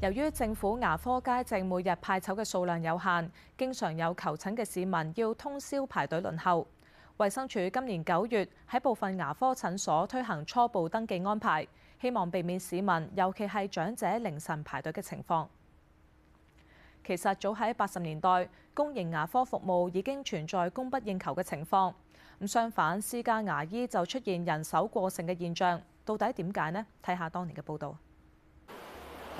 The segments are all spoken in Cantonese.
由於政府牙科街症每日派籌嘅數量有限，經常有求診嘅市民要通宵排隊輪候。衛生署今年九月喺部分牙科診所推行初步登記安排，希望避免市民，尤其係長者凌晨排隊嘅情況。其實早喺八十年代，公營牙科服務已經存在供不應求嘅情況。咁相反，私家牙醫就出現人手過剩嘅現象。到底點解呢？睇下當年嘅報導。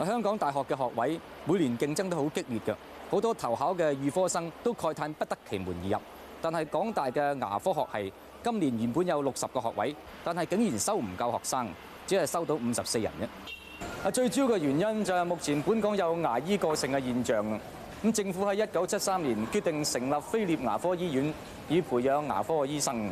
香港大學嘅學位每年競爭都好激烈嘅，好多投考嘅預科生都慨嘆不得其門而入。但係港大嘅牙科學系今年原本有六十個學位，但係竟然收唔夠學生，只係收到五十四人。最主要嘅原因就係目前本港有牙醫過剩嘅現象。咁政府喺一九七三年決定成立菲臘牙科醫院，以培養牙科嘅醫生。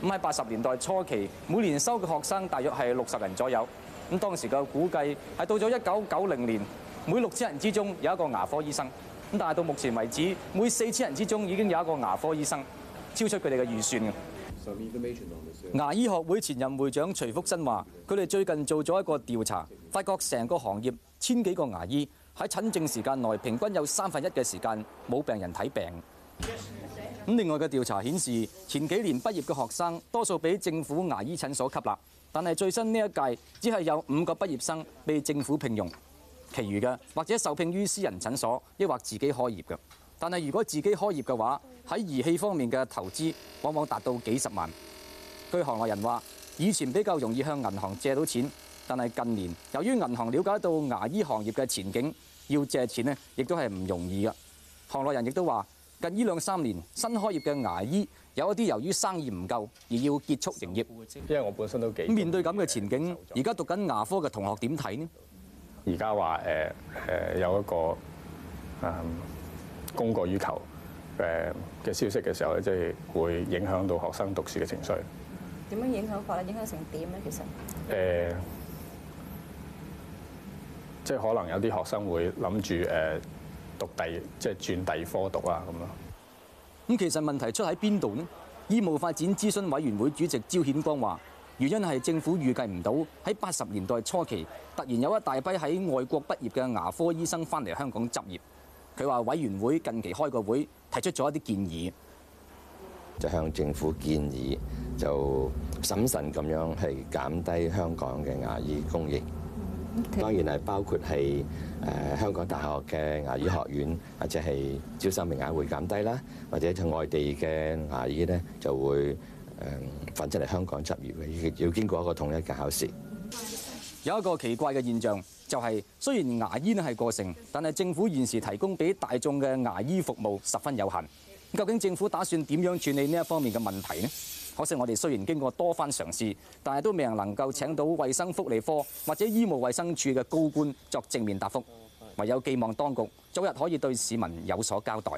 咁喺八十年代初期，每年收嘅學生大約係六十人左右。咁當時嘅估計係到咗一九九零年，每六千人之中有一個牙科醫生。咁但係到目前為止，每四千人之中已經有一個牙科醫生，超出佢哋嘅預算。牙醫學會前任會長徐福新話，佢哋最近做咗一個調查，發覺成個行業千幾個牙醫喺診症時間內平均有三分一嘅時間冇病人睇病。咁另外嘅調查顯示，前幾年畢業嘅學生多數俾政府牙醫診所吸納，但係最新呢一屆只係有五個畢業生被政府聘用，其餘嘅或者受聘於私人診所，抑或自己開業嘅。但係如果自己開業嘅話，喺儀器方面嘅投資往往達到幾十萬。據行內人話，以前比較容易向銀行借到錢，但係近年由於銀行了解到牙醫行業嘅前景，要借錢咧，亦都係唔容易嘅。行內人亦都話。近呢兩三年新開業嘅牙醫，有一啲由於生意唔夠而要結束營業。因為我本身都幾面對咁嘅前景，而家、嗯、讀緊牙科嘅同學點睇呢？而家話誒誒有一個誒供、呃、過於求誒嘅、呃、消息嘅時候咧，即、就、係、是、會影響到學生讀書嘅情緒。點樣影響法咧？影響成點咧？其實誒，即係、呃就是、可能有啲學生會諗住誒。呃讀第即係轉第科讀啊咁咯。咁其實問題出喺邊度呢？醫務發展諮詢委員會主席招顯光話：原因係政府預計唔到喺八十年代初期突然有一大批喺外國畢業嘅牙科醫生翻嚟香港執業。佢話委員會近期開個會提出咗一啲建議，就向政府建議就審慎咁樣係減低香港嘅牙醫供應。當然係包括係誒香港大學嘅牙醫學院，或者係招生名額會減低啦，或者從外地嘅牙醫咧就會誒返出嚟香港執業嘅，要經過一個統一嘅考試。有一個奇怪嘅現象，就係雖然牙醫咧係過剩，但係政府現時提供俾大眾嘅牙醫服務十分有限。究竟政府打算點樣處理呢一方面嘅問題呢？可惜我哋雖然經過多番嘗試，但係都未能能夠請到衛生福利科或者醫務衛生處嘅高官作正面答覆，唯有寄望當局早日可以對市民有所交代。